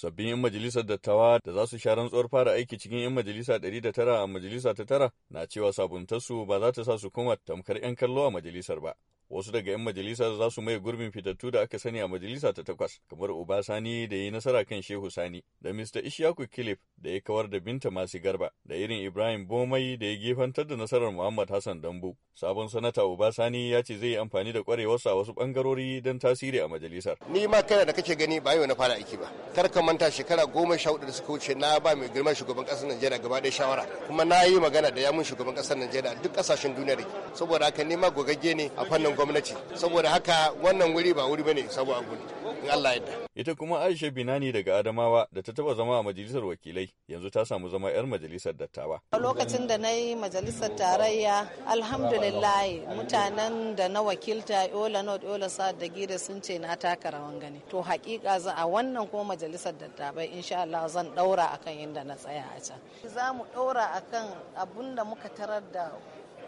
sabbin 'yan majalisar dattawa da za su sha rantsuwar fara aiki cikin 'yan majalisa 109 a majalisa ta tara na cewa sabuntarsu ba za ta sa su kuma tamkar 'yan kallo a majalisar ba. Wasu daga 'yan majalisa za su maye gurbin fitattu da aka sani a majalisa ta takwas, kamar Uba Sani da yi nasara kan Shehu Sani da Mr. Ishaku Kilif da ya kawar da Binta Masu Garba da irin Ibrahim Bomai da ya gefantar da nasarar Muhammad Hassan Dambu. Sabon sanata Obasani ya ce zai yi amfani da kwarewarsa wasu bangarori don tasiri a majalisar. Ni ma kana da kake gani ba yau na fara aiki ba. Kar ka manta shekara goma sha hudu da suka wuce na ba mai girman shugaban ƙasar Najeriya gaba ɗaya shawara. Kuma na yi magana da yamun shugaban kasar Najeriya duk kasashen duniya da Saboda haka ni ma gogagge ne a fannin gwamnati. Saboda haka wannan wuri ba wuri bane sabo a gudu. In Allah yadda. Ita kuma Aisha Binani daga Adamawa da ta taba zama a majalisar wakilai yanzu ta samu zama 'yar majalisar dattawa. A lokacin da na yi majalisar tarayya alhamdulillahi mutanen da na wakilta Yola North Yola Sa'ad da Gida sun ce na taka rawan gani. To hakika za a wannan kuma majalisar dattawa insha Allah zan daura akan inda na tsaya a can. Za mu daura akan abun da muka tarar da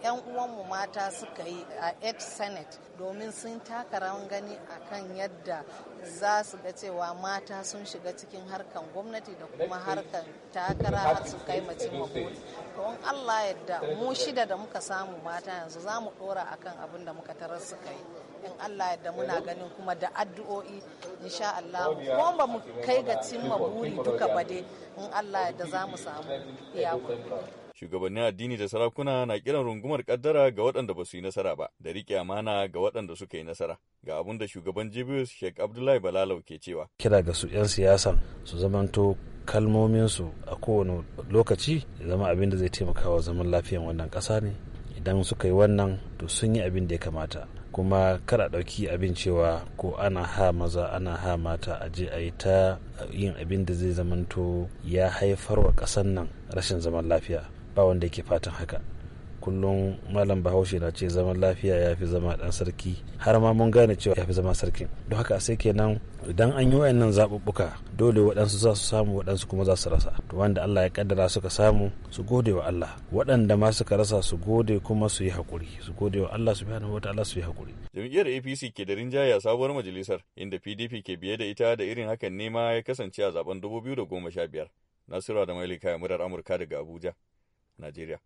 'yan uwanmu mata suka yi a ed senate domin sun taka rawan gani a kan yadda za su ga cewa mata sun shiga cikin harkan gwamnati da kuma harkan takara har su kai mace don allah yadda mu shida da muka samu mata yanzu za mu dora akan abin da muka tarar suka yi in allah yadda muna ganin kuma da addu'o'i insha allah ko ba mu kai ga cimma buri duka bade dai in allah yadda za mu samu iya shugabanni addini da sarakuna na kiran rungumar kaddara ga waɗanda ba su yi nasara ba, da riƙe amana ga waɗanda suka yi nasara. Ga abin da shugaban Jibius Sheikh Abdullahi Balalau ke cewa. Kira ga su 'yan siyasan su zamanto kalmominsu a kowane lokaci ya zama abin da zai taimaka wa zaman lafiyan wannan ƙasa ne. Idan suka yi wannan to sun yi abin da ya kamata. kuma kada ɗauki abin cewa ko ana ha maza ana ha mata a je a yi ta yin abin da zai zamanto ya haifar wa ƙasan nan rashin zaman lafiya ba wanda yake fatan haka kullum malam bahaushe na ce zaman lafiya ya fi zama dan sarki har ma mun gane cewa ya fi zama sarkin don haka sai kenan idan an yi wayannan zaɓuɓɓuka dole waɗansu za su samu waɗansu kuma za su rasa to wanda Allah ya kaddara suka samu su gode wa Allah waɗanda ma suka rasa su gode kuma su yi hakuri su gode wa Allah subhanahu wataala su yi hakuri. jam'iyyar APC ke da rinjaya sabuwar majalisar inda PDP ke biye da ita da irin hakan nema ya kasance a zaben 2015 Nasiru da ya murar Amurka daga Abuja на деле.